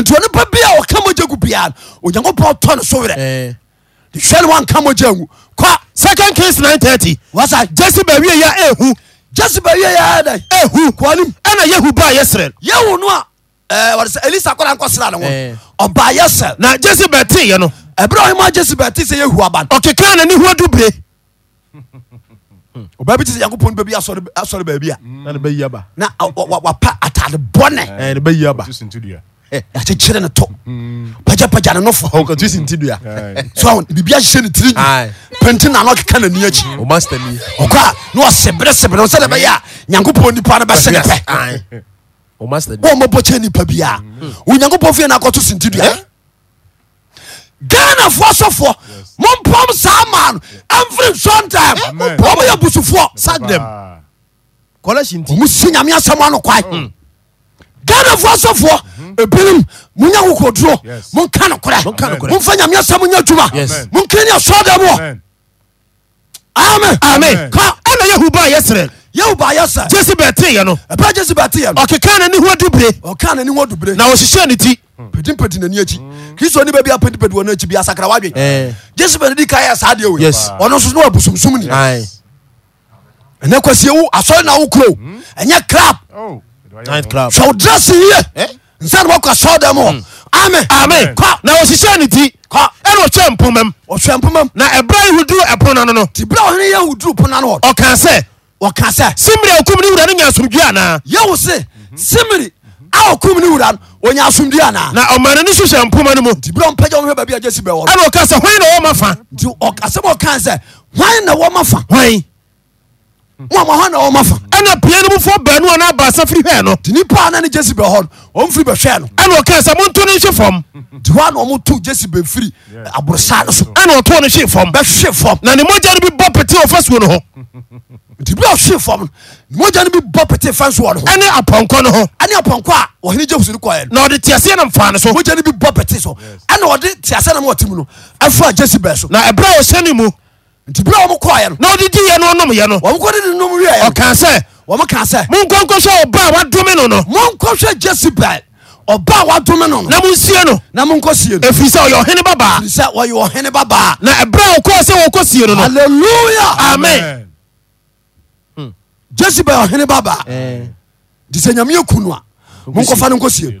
nti onipa bia wɔka mɔgya gu bia no onyankopɔn tɔ no so werɛ eh. hwɛ ne wanka mɔgya ngu kɔ second kings 930 wasa jesse bawie yɛ ɛhu eh jesse bawie yɛ ɛdɛ ɛhu kɔnim ɛna yehu baa yɛserɛ no yehu no a wɔde sɛ elisa kɔda nkɔsra ne ho ɔbaa yɛsɛ na jesse bɛteeɛ no ɛberɛ ɔhema jesse bɛte sɛ yɛhu aba no ɔkeka na ne ho adu bire ɔbaa bi te sɛ nyankopɔn no bɛbi asɔre baabi a na wapa atade bɔne eh, Eh, akyekyere ne to pagyapagya ne nofobiribi oh, ahyehyɛ ne tiri penti na nɔkeka nani akyi ɔkɔ oh, a na ɔsebere sebere sɛde bɛyɛ a nyankopɔn nipa no bɛse ne pɛ oh, wɔmmɔbɔ kyɛ nipa biaa onyankopɔn fie no akɔto senti dua eh? ghanafoɔ sɔfoɔ mompɔm saa ma no ɛmfiri nsɔntɛm ɔmɔyɛ busufoɔ sadem ɔmusi nyame asɛm ano kwae mm ghanafoɔ asɔfoɔ mhm. ebinom monya wokoduro monka nokorɛ momfa nyameɛ sɛ monya adwuma monkani asɔda muɔ amen amen ka ɛna yehu baa yɛserɛ yehu baa yɛsɛ jesi bɛɛ teeɛ no ɛbɛ jesi bɛɛ teeɛ no ɔkeka n'ani ho adubire ɔka n'ani ho adubire na ɔhyehyɛ ne ti hmm. pɛtimpɛti n'ani akyi hmm. kristo ni baabi apɛtipɛti wɔn akyi bi asakara wadwe eh. jesi bɛɛ ne di ka yɛ saa deɛ wei ɔno nso ne wa busumsum ni ɛnɛ kwasi ewu asɔre na awo kuro hmm. ɛnyɛ crab. Oh sɛ wodra se yie eh? nsa ne wɔkɔ sɔ dɛ mu hmm. ame ame kɔ na wɔhyehyɛ ne ti kɔ ɛna ɔhwɛ mpomam ɔhwɛ mpomam na ɛberɛ yi hoduru ɛpono no no nti berɛ ɔhene yɛ hoduru pono no ɔka sɛ ɔka sɛ simiri a ɔkum ne wura no nya asomdwe anaa yɛwo se simiri a ɔkum ne wura no ɔnya asomdwe anaa na ɔmane no so hyɛ mpoma no mu nti berɛ ɔmpagya ɔhwɛ baabi agya si bɛwɔ ɛna ɔka sɛ hwan na wɔma fa nti ɔkasɛm ɔkae sɛ hwan na wɔma fa hwan wɔmhɔnaɔmafa ɛna pia no mufoɔ baanu ana abaasa firi hwɛɛ no nti nipa na ne jesibel hɔ no ɔmfiri bɛhwɛɛ no ɛna ɔkaa sɛ monto no nhye fam nti hɔ na ɔmoto jesibel firi aborosaa no so ɛna ɔtoo no hye fam bɛhwe fam na ne mogya no bi bɔ pete ɔfasuo no ho nti bi ɔhwe fam no ne mogya no bi bɔ pete fasuo no ho ɛne apɔnkɔ no ho ɛne apɔnkɔ a ɔhene jehusu no kɔɛ no na ɔde teaseɛ nam faa no so mogya no bi bɔ pete so ɛna ɔde teaseɛ nam ɔte mu no ɛfaa jesibel so na ɛberɛ a nti bere a wɔn kɔɔɛ no. na ɔde di yɛ no ɔnom yɛ no. wɔn kɔ de ne nom wiɛ yɛ. ɔkan sɛ. wɔn kan sɛ. mo nkɔ nkɔhwɛ ɔba a wadome no no. mo nkɔhwɛ Jezebel ɔba a wadome no no. na mo nsie no. na mo nkɔ sie no. efiri sɛ ɔyɛ ɔhene babaa. efiri sɛ ɔyɛ na ɛbere a ɔkɔɔ sɛ wɔkɔ sie no no. hallelujah. amen. Hmm. Jezebel ɔhene babaa. Eh. nti sɛ nyame yɛ kunu a mo nkɔfa no nkɔ sie no.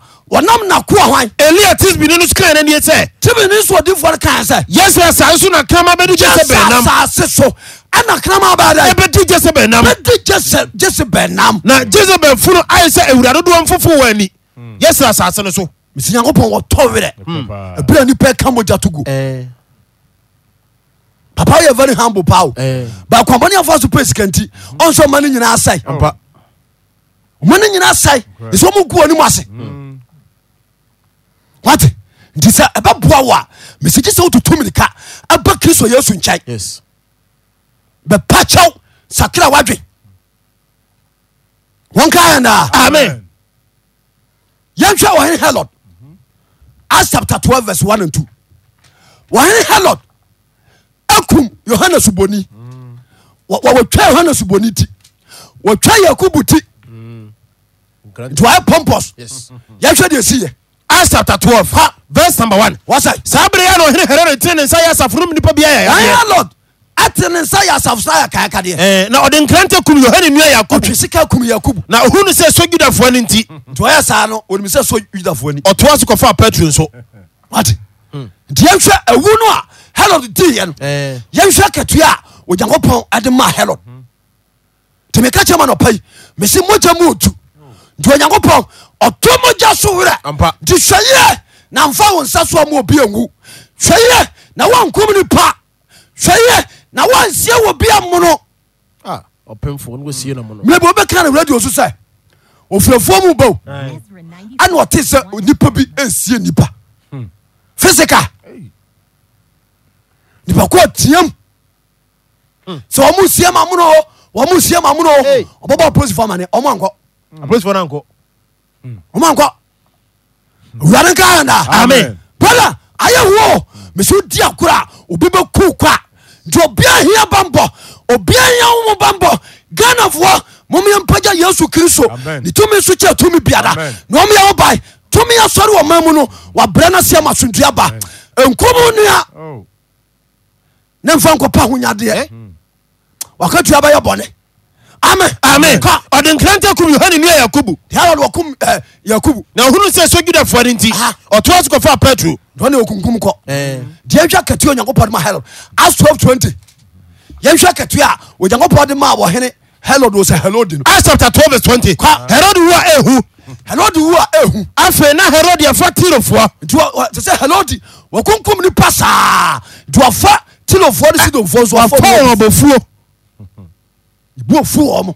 wɔnam nakoa hwan elia tisbini no so kae no nie sɛ tibini so ɔdifoɔ no kae sɛ yɛsɛ asase so na krama bɛde gyesɛbɛnamsase so ɛna krama bɛdɛbɛdi gyesɛbɛl nam bɛdi gyesɛbɛl nam na gyesɛbɛl funu ayɛ sɛ awura dodoɔ mfofo wɔ ani hmm. yɛsɛ asase no so mesi nyankopɔn wɔtɔ werɛ ɛberɛ nipa ka mogya to gu eh. papa yɛ very humble pao eh. baakwambɔne afa so pɛ sika nti ɔnsɛ ɔma no nyinaa sɛe ɔma no nyinaa sɛe ɛsɛ ɔmu gu anim ase mm. ntisɛ ɛbɛboaw a mesigyisɛ wotutminka aba kristo yɛsu nkyɛ bɛpakyɛ sakrawktwho as chap 2s2heod a yobnobnyakb pmpos Acts chapter twelve. Ha verse number one. Wɔsɛ. Saa bere yɛ na ɔhene Herode tene ne nsa yɛ asafo no mu nipa bi ayɛ yadeɛ. lord. Ɛte ne nsa yɛ asafo ayɛ kaakadeɛ. Ɛɛ na ɔde nkrante kum Yohane nua Yakubu. Ɔtwe sika kum Yakubu. Na ohun sɛ so Yudafoɔ ni nti. Nti ɔyɛ saa no onim sɛ so Yudafoɔ ni. Ɔtoa so kɔfa Petro nso. Wate. Nti yɛhwɛ ewu no a Herod di yɛ no. Yɛhwɛ katua a Onyankopɔn de maa Herod. Tèmi kakyɛ ma n'ɔpa yi, mesi mogya mu otu nti onyankopɔn ɔto mogya so werɛ nti hwɛ yerɛ na mfa wo nsa soa ma obia ngu hwɛ na wonkom no ah, pa hwɛ yerɛ na wonsie wɔ bia mono mmebi wobɛka no radio so sɛ ofirafuo mu bao ɛne ɔte sɛ nnipa bi ansie nnipa hmm. physical nipa ko atiam hmm. sɛ ɔmo sie ma mono ɔmo sie ma mono ɔbɛbɔ opposifo amane ɔmo ankɔ Mm. apolisifoɔ no nkɔ ɔma mm. nkɔ awurade nka anda amen brother ayɛ wo mesɛ wodi akora a obi bɛku kɔ a nti obia hia bambɔ obia hia wo mu bambɔ ghanafoɔ momeɛmpagya yesu kristo ne tumi so kyɛ tumi biada na ɔmyɛ wo bae tumi asɔre wɔ ma mu no wabrɛ no seɛ ma asomdua ba nkom nua oh. ne mfa nkɔpa ahonyadeɛ mm. waka tua bɛyɛ bɔne ame ɔde nkranta kum yohane eh, nua yakobo yakobo na ɔhunu sɛ so judafoɔ no nti ɔtoa so kɔfa petro ɔne ɔkunkum kɔ eh. deɛ hwɛ katua onyankopɔn de ma helod as 12 20 yɛhwɛ a onyankopɔn de ma wɔhene helod wɔ sɛ helod no as chapter 12 herod wu a ɛhu helod wu a ɛhu afei na herod yɛfa tirofoɔ nti sɛ helod wɔkunkum nipa saa nti wɔfa tirofoɔ no sidonfoɔ so wɔfa wɔn abɔfuo bfrm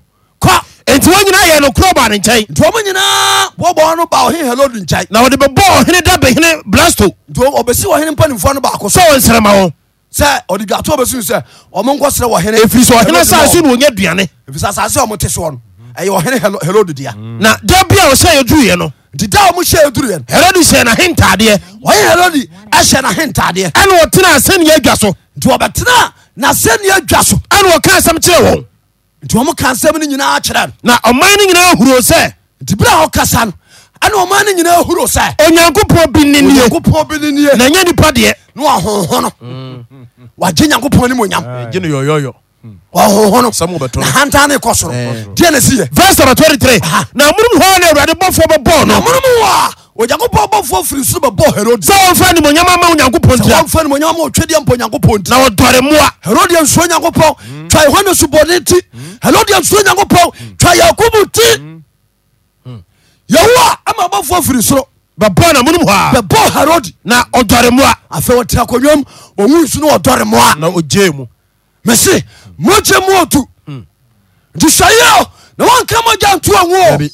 nti wɔ nyinaa yɛ nokoro ba ne nkyɛn nti ɔmo nyinaa wɔbɔ no ba ɔhene herod nkyɛn na wɔde bɛbɔ dabe dabehene blasto nti ɔbɛsi ɔhene mpanimfoɔ no baako sɛ ɔnsrɛma wɔ sɛ ɔde dwato ɔbɛsu sɛ ɔmo nkɔsrɛ wɔhene ɛfiri sɛ ɔhene asase no wɔnya duane ɛfiri sɛ asase ɔmo te soɔ no ɛyɛ ɔhene herod dea mm. na da bi a ɔsɛ yɛduruiɛ no nti da ɔmo hyɛ yɛduruiɛ no herod hyɛ n'ahentadeɛ ɔhene herod ɛhyɛ n'ahentadeɛ ɛne ɔtena asɛnnea adwa so nti ɔbɛtena n'asɛnnea adwa so ɛne ɔka asɛm kyerɛ wɔn nti ɔmo ka nsɛm no nyinaa kyerɛ no na ɔman no nyinaa huro sɛ nti berɛ ɔkasa no ɛne ɔma no nyinaa huro sɛ onyankopɔn bi nennyankopɔn bi nennie na ɛnyɛ nipa deɛ na wahohono wagye nyankopɔn ne mu gye no yɔyɔyɔ ɔhohonohanta ne kɔ soro deɛ na siyɛ vers 23 na monom hɔ ne awurade bɔfoɔ bɛbɔɔ no monom hɔ a onyankopɔn bɔfoɔ firi soro bɛbɔ herod sɛ wɔmfa nimonyama ma onyankopɔn tia wɔmfa nimonyama ma ɔtwadeɛ mpa onyankopɔn ti na ɔdɔre mmoa herod ansuro nyankopɔn twa yohane subɔne ti herod ansuro nyankopɔn twa yakobo ti yehowa ama bɔfoɔ firi soro bɛbɔ namonom hɔ a bɛbɔ herod na ɔdɔre mmoa afei wɔtena akonnwam ɔwu nsu no ɔdɔre mmoa na ɔgyee mu mese mmɔgye mu ɔtu nti hwɛyɛ na wɔnka mɔgya nto anwo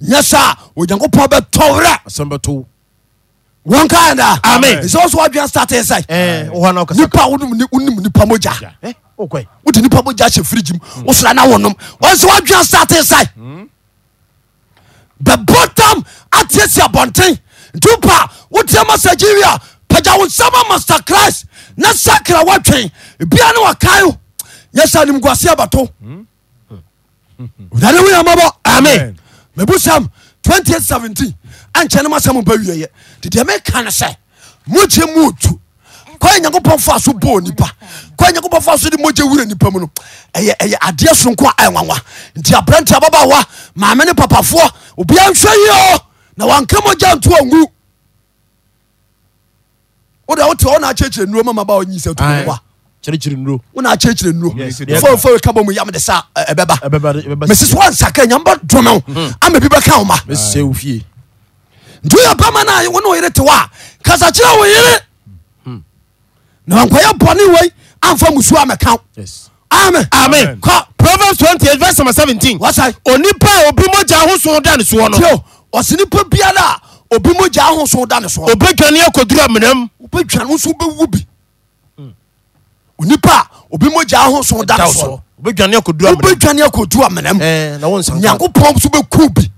yɛ saa onyankopɔn bɛtɔwerɛ asɛmbɛto wɔnkaɛnaa ɛsɛ wo so woadwena state sɛnipa wonim nipa mogya wode nipa mogya hyɛ eh, firigim wo hmm. sra no wonom ɔnsɛ woadwena state sɛ hmm. bɛbɔtam atiesie abɔnten nti pa wotiama sagiria pagya wo nsɛm master christ na sakra woatwen bia ne wakae yɛ sa nimguaseɛ bɛto ɔdane hmm. woyamabɔ amen mabo sam 2017 nkyɛne msm i dɛ mekane se moe mu k nyankopɔnfos nnyaɔn sww ntirnt abawa mamene papafo ba nɛi n wnka mantou onkɛ nu nuro wonakyerekyere nurofofo ka bɔ mu yam de sa ɛbɛbamesi eh, eh, eh, so wansaka nyambɔ dome hmm. ama bi bɛka woma nti woyɛ bama no wone woyere te wa a kasa kyerɛ wo yere hmm. na wankɔyɛ bɔne wei amfa musuo amɛkaw amen amen proverbs 28 verse number 17 wasai onipa a obi mogya ahoso da ne soɔ no ɔse nipa biara a obi mogya ahoso da ne soɔ obɛdwane akɔduru aminam wobɛdwane wo so wobɛwu bi nipa a obi mɔgya ahoso dasoɛanekdamenm nyankopɔn sobɛku bi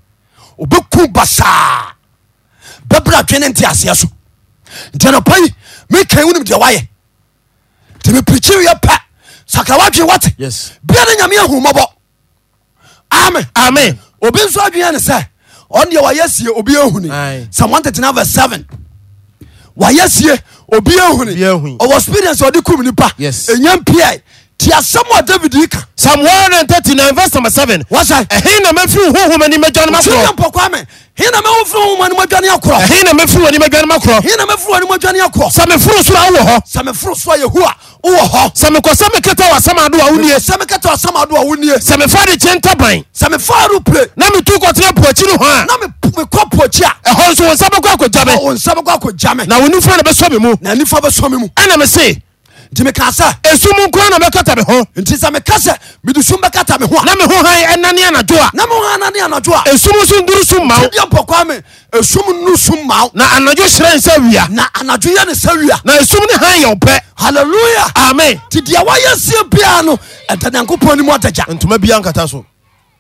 ɔbɛku basaa bɛbradweno nte aseɛ so ntiny mekawondeɛ wyɛ tmepikiwɛ pɛ skawodw wte biana nyame ahumɔbɔ obi nso adwane sɛ ɔd wyɛsie obihun s39 ayɛ sie obi ehuni ɔwɔ experience ɔde kum nipa enyam pia ti asɛm a david yi ka psalm 139 verse number 7 wasa ɛhe na mafiri honhom ani madwane makorɔ mpɔkwa me he na mɛwofiri honhom ani madwane akorɔ ɛhe na mafiri w'ani madwane makorɔ he na mafiri w'ani madwane akorɔ sɛ meforo soro a wowɔ hɔ sɛ meforo soro a yehowa wowɔ hɔ sɛ mekɔ sɛ meketa wɔ asɛm ado a wonie sɛ meketa asɛm ado a wonie sɛ mefa de kyɛ ntaban sɛ mefa aropire na metu kɔtena poakyi no hɔ a na mekɔ poakyi a ɛhɔ nso wo nsa bɛkɔ akɔgya me wo nsa bɛkɔ akɔgya me na wo nifa na bɛsɔ me mu na nifa bɛsɔ me mu ɛna mese nti meka sɛ ɛsum na mɛkata me ho nti sɛ meka sɛ mede sum bɛkata me ho a na meho han ɛnane anadwo a na moha nane anadwo a ɛsum so nduru sum ma wo deɛ me ɛsum no sum ma wo na anadwo hyerɛn sɛ wia na anadwo yɛ ne sɛ wia na ɛsum ne han yɛ wo halleluya amen nti deɛ woayɛ sie biara no ɛda nyankopɔn ni mu adagya ntoma biara nkata so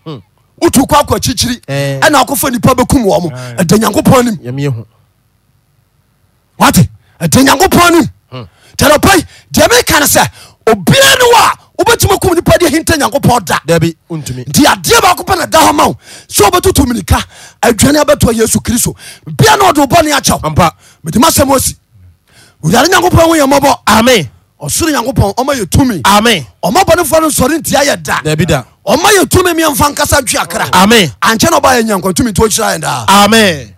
hmm. wotu kɔ akɔ akyikyiri eh. ɛna akɔfa nipa bɛkum wɔ mo eh. ɛda nyankopɔn nim wate ɛda nyankopɔn nim tɛnɛpai deɛ meka no sɛ obia ne wɔ a wobɛtumi kum nipa deɛ hinta nyankopɔn da nti adeɛ baako pɛ na da hɔ ma wo sɛ wobɛtoto mirika adwane abɛtoa yesu kristo bia na ɔde wobɔne akyɛw mede masɛm asi onyare nyankopɔn ho yɛ mmɔbɔ ame ɔsoro nyankopɔn ɔma yɛ tumi ame ɔma bɔnefoɔ no nsɔre ntia yɛ da dabi da ɔma yɛ tumi miɛmfa nkasa ntwe akra ame ankyɛ na ɔbayɛ nyankwa tumi nti ɔkyira yɛ daa ame